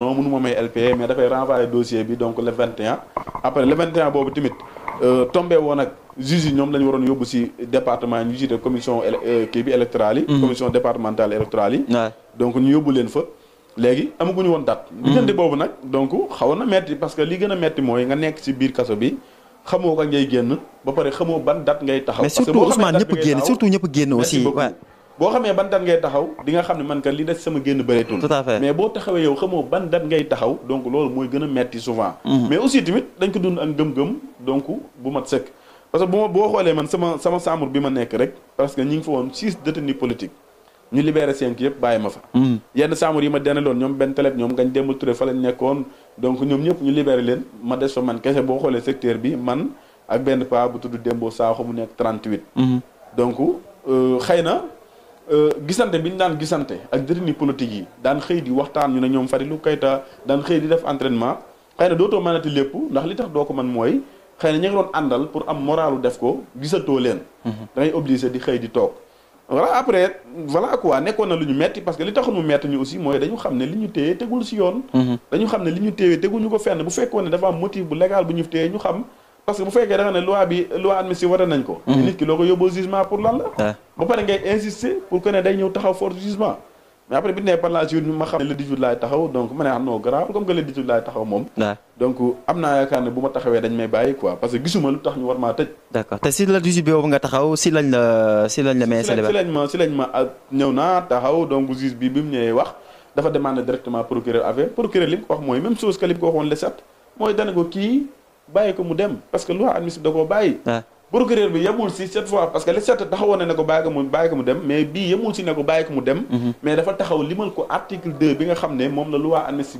non mënu ma may LPA mais dafay renvoyer dossier bi donc le 21 après le 21 boobu tamit euh, tombé woon ak juge yi ñoom la ñu waroon yóbbu si département ñu jiite commission euh, kii bi électorale yi. Mhm. commission départementale électorale yi. donc ñu yóbbu leen fa. léegi amaguñu woon date. Mhm. diggante boobu nag donc xawoon na metti parce que li gën a metti mooy nga nekk si biir kaso bi. xamoo ko ngay génn ba pare xamoo ban date ngay taxaw. parce que boo xamee date génn surtout ñëpp boo xamee ban dat ngay taxaw di nga xam ne man kat li des sama génn bëreetul. tout à fait mais boo taxawee yow xamoo ban dat ngay taxaw donc loolu mooy gën a metti souvent. Mhm. mais aussi tamit dañ ko dund ak gëm-gëm donc bu mat sëkk. parce que bu ma boo xoolee man sama sama chambre bi ma nekk rek parce que ñu ngi fa woon six détenus politiques ñu libéré cinq yëpp bàyyi ma fa. Mhm. yenn chambre yi ma denaloon ñoom benn talet ñoom ngañ démb Touré fa lañ nekkoon donc ñoom ñëpp ñu libéré leen ma des fa man kese boo xoolee secteur bi man ak benn paa bu tudd Dembo Sakho mu nekk 38. Mhm. donc euh, xëy na. Euh, gisante bi ñu daan gisante ak jëriñu politique yi daan xëy di waxtaan ñu ne ñoom Fadilou Keita daan xëy di def entraînement xëy na dootoo mënati lépp ndax li tax doo ko man mooy xay na ñu ngi doon àndal pour am moralu def ko gisatoo leen. Mhm. da ngay obligé di xëy di toog. voilà après voilà quoi nekkoon na lu ñu metti parce que li taxoon mu metti ñu aussi mooy dañu xam ne li ñu téye tegul si yoon. Mhm. dañu xam ne li ñu téye teguñu ko fenn bu fekkoon ne dafa am motif bu légal bu ñu téye ñu xam. parce que bu fekkee da nga ne loi bi loi admissible wara nañ ko. Mhm. nit ki loo ko yóbboo jugement pour lan la. Ah. ba ngay insister pour que ne day ñëw taxaw fort jugement. mais après bi ñu nee par la ma xam ah taxaw moom. Ah. donc am naa yaakaar ne bu ma taxawee dañ may bàyyi quoi parce que gisuma lu tax ñu war maa tëj. si lañ ma ñëw naa taxaw donc juge bi bi ñëwee wax dafa demandé directement procureur affaire procureur li ko wax mooy même chose que li ko waxoon le 7 mooy dana kii bàyyi ko mu dem parce que loi admissible da koo bàyyi ah. procureur bi yemul si cette fois parce que les sept taxawoon na ne ko bàyyi ko mu bàyyi ko mu dem mais mhm. bi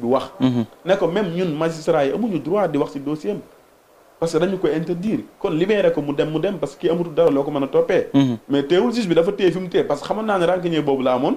wax mhm. ne ko même ñun magistrat amuñu droit di wax si dossier parce que dañu ko interdire kon libéré ko mu dem mu dem parce que kii dara loo ko mën a toppee mhm. mais teewul juge bi dafa téye fi mu téye parce que xamoon naa ne rancunier boobu la amoon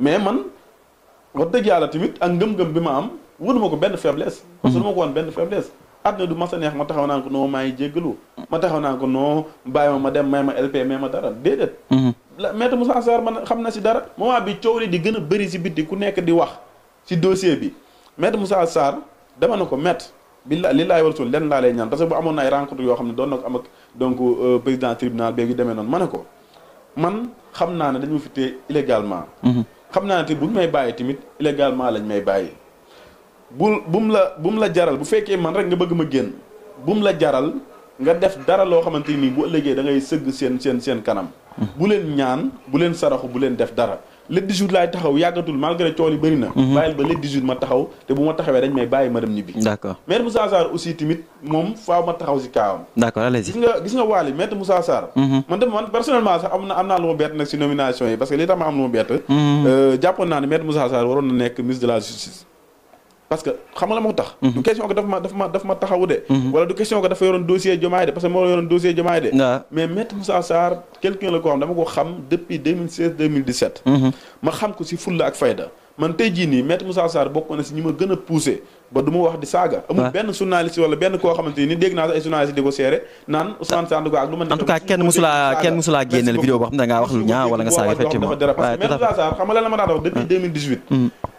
mais man wax dëgg yàlla tamit ak ngëm-ngëm bi ma am wunuma ko benn faiblesse. Mhm. parce que du ma ko woon benn faiblesse. àdduna du mas a neex ma taxaw naa ko noo maa ngi jéggalu ma taxaw naa ko non bàyyi ma ma dem may ma LP may ma dara déedéet. Mhm. maître Moussa Sarr man xam na si dara moment bi coow li di gën a bëri si bitti ku nekk di wax si dossier bi maître Moussa Sarr dama na ko maître bi la li laay war suul lenn laa lay ñaan parce que bu amoon na ay rencontre yoo xam ne doon na ko am ak donc euh, président tribunal demee noonu ma ne ko man xam naa ne dañu fi téye illégalement. Mhm. xam naa ne bu buñ may bàyyi tamit illégalement lañ may bàyyi bu bu mu la bu mu la jaral bu fekkee man rek nga bëgg ma génn bu mu la jaral nga def dara loo xamante nii bu ëllëgee da ngay sëgg seen seen seen kanam. Hmm. bu leen ñaan bu leen saraxu bu leen def dara. le 18 laay taxaw yàggatul malgré coono yi bëri na. Mhm. bàyyil ba le 18 ma taxaw te bu ma taxawee dañ may bàyyi ma dem ñibbi. d' accord maître Moussa Sarr aussi tamit moom faaw ma taxaw si kaawam. d' accord allez-y gis nga gis nga Waly maître Moussa Sarr. Mhm. man de man personnellement sax am na am naa lu ma bett nag si nomination yi parce que li tax ma am lu ma bett. Mhm. Euh, jàppoon naa ne maître Moussa Sarr waroon na nekk ministre de la justice. parce que xam nga la moo tax mhm. du question que dafa ma dafa ma dafa ma taxawu de mhm. wala du question que dafa yoroon dossier Diomaye de parce que moo yoroon dossier Diomaye de mais maître Moussa mhm. a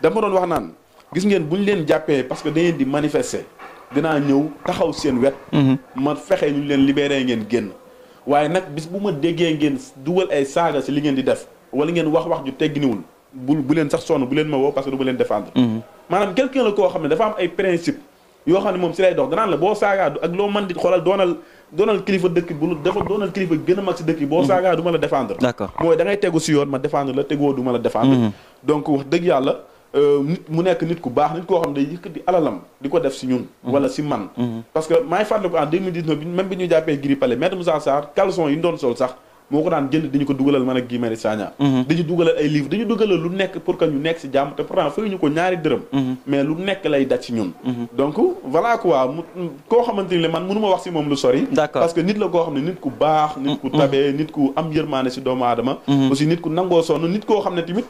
doon wax naan gis ngeen bu ñu leen jàppee parce que da ngeen di manifester dinaa ñëw taxaw seen wet. Mhm. ma fexe ñu leen libéré ngeen génn. waaye nag bis bu ma déggee ngeen dugal ay saaga si li ngeen di def wala ngeen wax wax ju tegginiwul bu bu leen sax sonn bu leen ma woo parce que du ma leen défendre. Mhm. maanaam quelqu'un la koo xam ne dafa am ay principe yoo xam ne moom si lay dox danaan la boo saagaa ak loo man di xoolal doonal doonal kilifa dëkk bu dafa doonal kilifa gën a mag si dëkk bi mhm. ma la défendre. d'accord mooy da ngay tegu si yoon ma défendre la tegoo du ma la défendre. donc wax yàlla. Euh, nit mu nekk nit ku baax nit koo xam day yëkkati di ko def si ñun mhm. wala si man mhm. parce que maa ñu jàppee Gris Palais maître Moussa Sarr caleçon yi ko daan jënd dañu ko dugalal man ak mhm. nekk pour que ñu nekk si jàmm te pourtant fay ñu koo xamante ni man mënu ma wax si moom lu sori d'accord parce que nit la koo xam ne nit ku baax nit ku tabee nit ku am yërmaane si doomu aadama si nit ku nangoo sonn nit koo xam ne tamit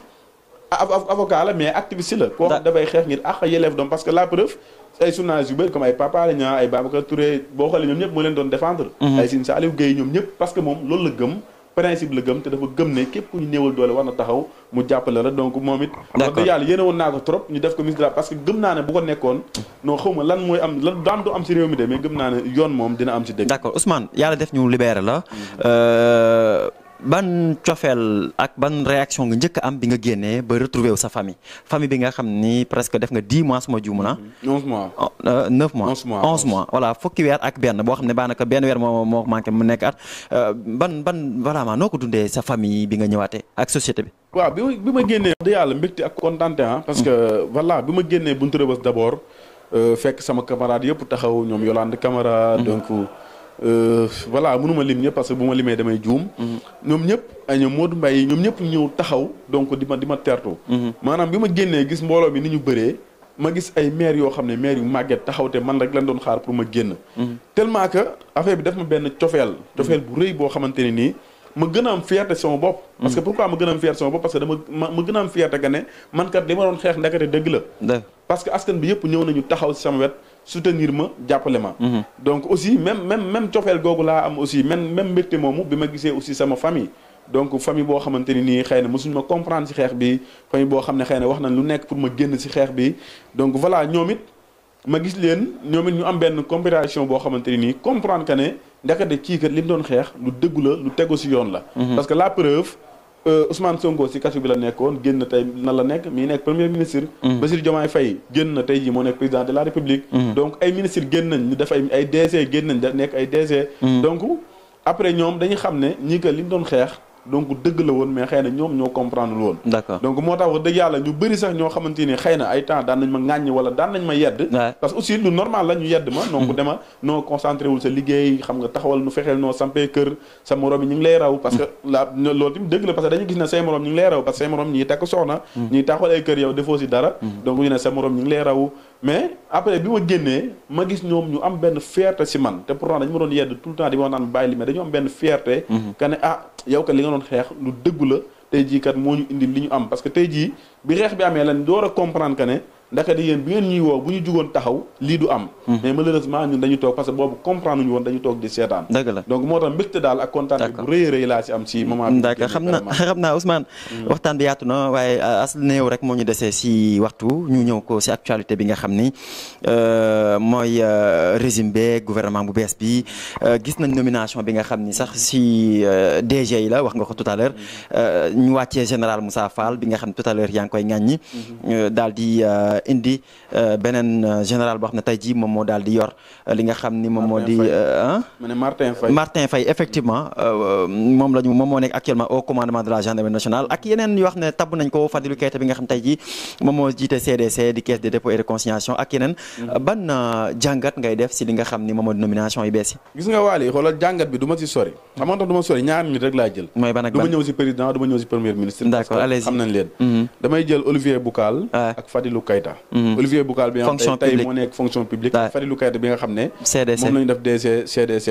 avocat la mais activiste la koo xam dafay xeex ngir àq yelleef doom parce que la preuve ay journalistes yu bëri comme ay Papa Alé Niang ay Babacar Touré boo xoolee ñoom ñëpp moo leen doon défendre mhm. ay Sine Saliou Guèye ñoom ñëpp parce moom loolu la gëm principe la gëm te dafa gëm ne képp ku ñu néewal doole war na taxaw mu jàppale la donc moom it wax yàlla yéene woon naa ko trop ñu def ko ministre parce que gëm naa ne bu ko nekkoon non xaw lan mooy am lan du am si réew mi ban cofeel ak ban réaction nga njëkk am bi nga génnee ba retrouver wu sa famille famille bi nga xam ni presque def nga dix mois suma juum na. Ah. Mm-hmm. onze mois oh, euh, neuf mois. onze mois onze mois voilà fukki weer ak benn boo xam ne baanaka benn weer moo moo mu nekk at euh, ban ban voilà maa noo ko dundee sa famille bi nga ñëwaatee ak société bi. waaw bi ma bi génnee. yàlla mbégte ak ah. parce que mm. voilà bi ma génnee buntu Rebeuss d' abord euh, fekk sama camarade yëpp taxaw ñoom Yolande Camara mm-hmm. donc. Euh, voilà mënuma lim ñëpp parce que bu ma limee damay juum. Mm-hmm. ñoom ñëpp ay ñoom mbay Mbaye ñoom ñëpp ñëw taxaw donc di ma di ma tertu. Mm-hmm. maanaam bi ma génnee gis mbooloo bi ni ñu bëree. ma gis ay mair yoo xam ne maire yu màgget taxaw te man rek lañ doon xaar pour ma génn. Mm-hmm. tellement que affaire bi daf ma benn cofeel. cofeel bu rëy boo xamante ne nii. ma gën a am fierté sama bopp. parce que pourquoi ma gën am fierté sama bopp parce que dama ma gën am fierté que ne man kat li ma doon xeex la. parce que askan bi yëpp ñëw nañu taxaw si soutenir ma jàppale ma. Mhm. donc aussi même même même cofeel googu laa am aussi même même mbégte moomu bi ma gisee aussi sama famille. donc famille boo xamante ni nii xëy na mosuñu ma comprendre ci xeex bi famille boo xam ne xëy na wax nañ lu nekk pour ma génn si xeex bi donc voilà ñoom it ma gis leen ñoom it ñu am benn compréhension boo xamante ni nii comprendre que ne ndekete kii kat li mu doon xeex lu dëggu la lu tegu si yoon la. Mhm. parce que la preuve. Euh, Ousmane Sonko si kaso bi la nekkoon génn tey nan la nekk mi nekk premier ministre. Mm. Bassirou Diomaye Faye génn na tey jii moo nekk président de la république. Mm. donc ay ministre génn nañ ñu def ay ay DG génn nañ def nekk ay DG. Mm. donc après ñoom dañu xam ne ñii ñi li ñu doon xeex. donc dëgg la woon mais xëy na ñoom ñoo comprendre woon d'accord donc moo tax wax dëgg yàlla ñu bëri sax ñoo xamante ni xëy na ay temps daan nañ ma ŋàññ wala daan nañ ma yedd parce que aussi lu normal la ñu yedd ma donc mm. dema noo concentré wul sa liggéey xam nga taxawal nu fexeel noo sampee kër sa morom yi ñu lay raw parce que mm. loolu que dañu gis ne say morom ñu ngi lay raw parce que say morom ñi takk soxna mm. ñi ngi kër yow defoo si dara donc ñu ne raw mais après bi ma génnee ma gis ñoom ñu am benn fierté si man te pourtant dañu ma doon yedd tout le temps di ma naan bàyyi li mais dañu am benn fierté. ka mhm. ne ah yow kat li nga doon xeex lu dëggu la tey jii kat moo ñu indi li ñu am parce que tey jii bi xeex bi amee lan doo a comprendre que ne. ndaka di yéen bi ngeen ñuy woo bu ñu jugoon taxaw lii du am hmm. mais malheureusement ñun dañu toog parce que boobu comprendre ñu woon dañu toog di seetaan dëgg la donc moo tax mbégte daal ak kontaan bu rëy rëy laa si am si moment bi d'accord xam na xam naa hmm. waxtaan bi yaatu na waaye euh, as néew rek moo ñu desee si waxtu ñu ñëw ko si actualité bi nga xam ni euh, mooy euh, régime bi gouvernement bu bees bi gis nañ nomination bi nga xam ni sax si DG yi la wax nga ko tout à hmm. ñu wàccee général Moussa Fall bi nga xam ne tout à l'heure yaa ngi indi euh, beneen euh, général boo xam ne tey jii moom moo daal di yor euh, li nga xam ni moom moo moom moom moo nekk actuellement au commandement de la gendarmerie moom moo jiite CDC di caisse de dépôt et réconciliation ak yeneen. Mm-hmm. ban jàngat ngay def si li nga xam ni moom moo di nomination yu ministre. d'accord allez-y xam nañ mm-hmm. damay jël Olivier Boucal. ak Fadilou Keita Kayta mm-hmm. Olivier Boucal bi nga xam ne tey moo nekk fonction publique Fadilou Kayta bi nga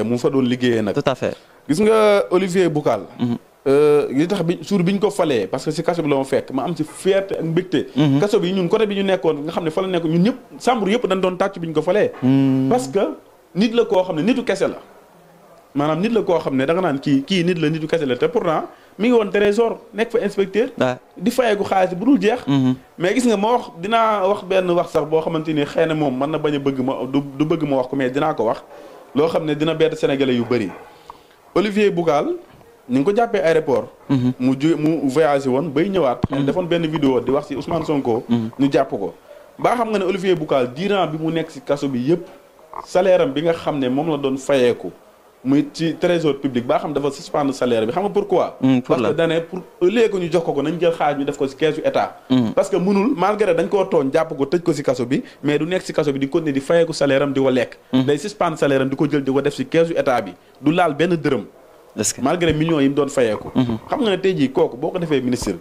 moom fa doon liggéeyee nag tout à fait gis nga Olivier Boucal mm-hmm. euh, li tax bi suur bi ñu ko falee parce que si kaso bi la ma fekk ma am si fierté ak mbégte mm-hmm. kaso bi ñun côté bi ñu nekkoon nga xam ne fa la nekk ñun ñëpp sàmbur yëpp dañ doon tàcc bi ñu ko falee parce que nit la koo xam ne nitu kese la maanaam nit la koo xam ne da nga naan kii kii nit la nitu kese la te pourtant mi ngi woon trésor nekk fa inspecteur. di fayeeku xaalis bu dul jeex. Mhm. mais gis nga ma wax dinaa wax benn wax sax boo xamante ni xëy na moom mën na bañ a bëgg ma du bëgg ma wax ko mais dinaa ko wax loo xam ne dina bett sénégalais yu bëri. Olivier Bougal ni ngi ko jàppee aéroport. Mhm. mu ju mu voyagé woon bay ñëwaat. Mhm. defoon benn vidéo di wax si Ousmane Sonko. ñu jàpp ko. baa xam nga ne Olivier Bougal durant bi mu nekk si kaso bi yëpp salaire bi nga xam ne moom la doon fayeeku. muy ci trésor public baa xam dafa suspendre salaire bi xam nga pourquoi hmm, parce que dane pour léegi ñu jox ko ko nañ jël xaaj ñu def ko si keesu état hmm. parce que mënul malgré dañ ko tëj si kaso bi mais du nekk si kaso bi di continuer di fayeeku salaire am di ko lekk hmm. day suspendre salaire am di ko jël di ko def si keesu bi du laal benn dërëm malgré millions yi mu doon fayeeku xam nga ne tey jii kooku boo ko defee ministre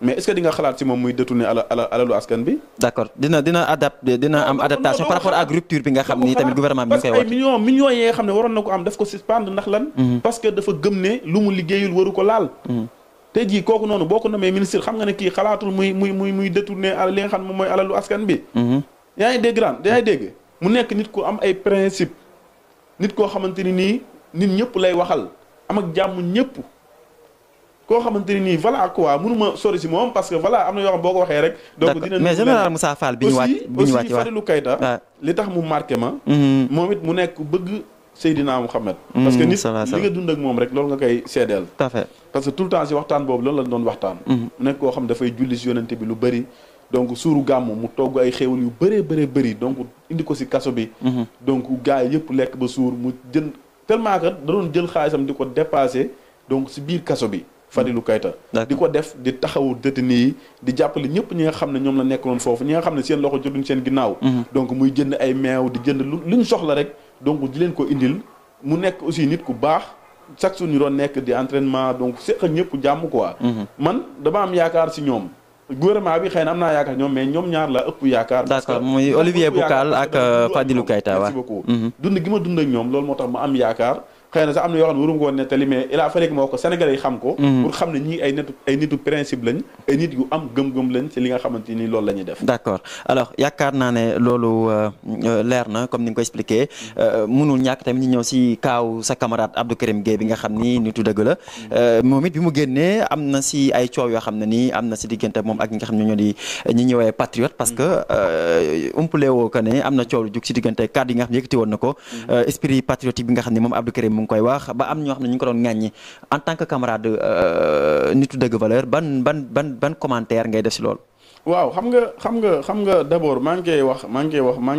mais est nga xalaat ci moom muy détourner ala alalu askan bi. d'accord dina dina adapté dina am adaptation par rapport ak rupture bi nga xam ni tamit gouvernement bi ñu koy wax. parce que ay millions millions yi xam ne waroon na ko am daf ko suspendre ndax lan. Mhm. parce que dafa gëm ne lu mu liggéeyul waru ko laal. Mhm. te jii kooku noonu boo ko namee ministre xam nga ne kii xalaatul muy muy muy muy détourner li nga xam ne moom mooy alalu askan bi. Mhm. yaa ngi dégg daan yaa dégg mu nekk nit ku am ay principe nit koo xamante ni nii nit ñëpp lay waxal am ak ñëpp. koo xamante ni nii voilà quoi mënuma sori si moom parce que voilà am na yoo xam boo ko waxee rek. donc dina mais général Moussa Fall bi ñu wàcc bi ñu wàcc aussi Fadilou mu nekk ma. Mm-hmm. moom it mu nekk bëgg Seydina Mouhamed. Mm-hmm, parce que nit li nga dund ak moom rek loolu nga koy seedeel. tout à que tout le temps si waxtaan boobu loolu la doon waxtaan. Mm-hmm. mu nekk koo xam dafay julli si yonente bi lu bëri. donc suuru gàmm mu togg ay xéewal yu bëree bëree bëri donc indi ko si kaso bi. donc gars yi yëpp lekk ba suur mu jën tellement que da doon jël xaalisam di ko dépassé donc si biir kaso bi Fadilou Keita di ko def di taxawu détenus yi di jàppale ñëpp ñi nga xam ne ñoom la nekkoon foofu ñi nga xam ne seen loxo jotuñ seen ginnaaw mhm. donc muy jënd ay meew di jënd lu luñ soxla rek donc di leen ko indil mu nekk aussi nit ku baax chaque jour ñu doon nekk di entraînement donc séq ak ñëpp mhm. man dama am yaakaar si ñoom gouvernement bi na am naa yaakaar ñoom mais ñoom ñaar la ëpp yaakaar. d'accord muy Olivier Boucal euh, ak Fadilou Keita waaw. Mhm. dund gi ma dund ñoom loolu xëy na sax am na yoo xam ne warum ko woon nettali xam ko mm-hmm. pour xam ne ñii ay nitu ay nitu principe lañ ay nit loolu la def d'accord yaakaar naa ne loolu euh, euh, leer na comme ni nga ko expliqué euh, munul ñàkk tamit ñu ñëw si kaaw sa camarade Abdou Karim Gueye bi nga xam ni nitu dëgg la moom it bi mu génnee am na si ay coow yoo xam ne nii am na si diggante moom ak ñi nga xam ne ñoo di ñi ñëwee patriote parce que mm-hmm. umpule woo ko ne am na coow lu jug si diggante kàddu yi nga xam ne yëkkati woon na ko mm-hmm. esprit patriotique bi nga xam ne moom Abdou Karim ngi koy wax ba am ñoo xam ne ñu ngi ko doon ŋàññi en tant que camarade euh, nitu dëgg valeur ban ban ban ban commentaire ngay def si loolu. waaw xam nga xam nga xam nga wax maa wax maa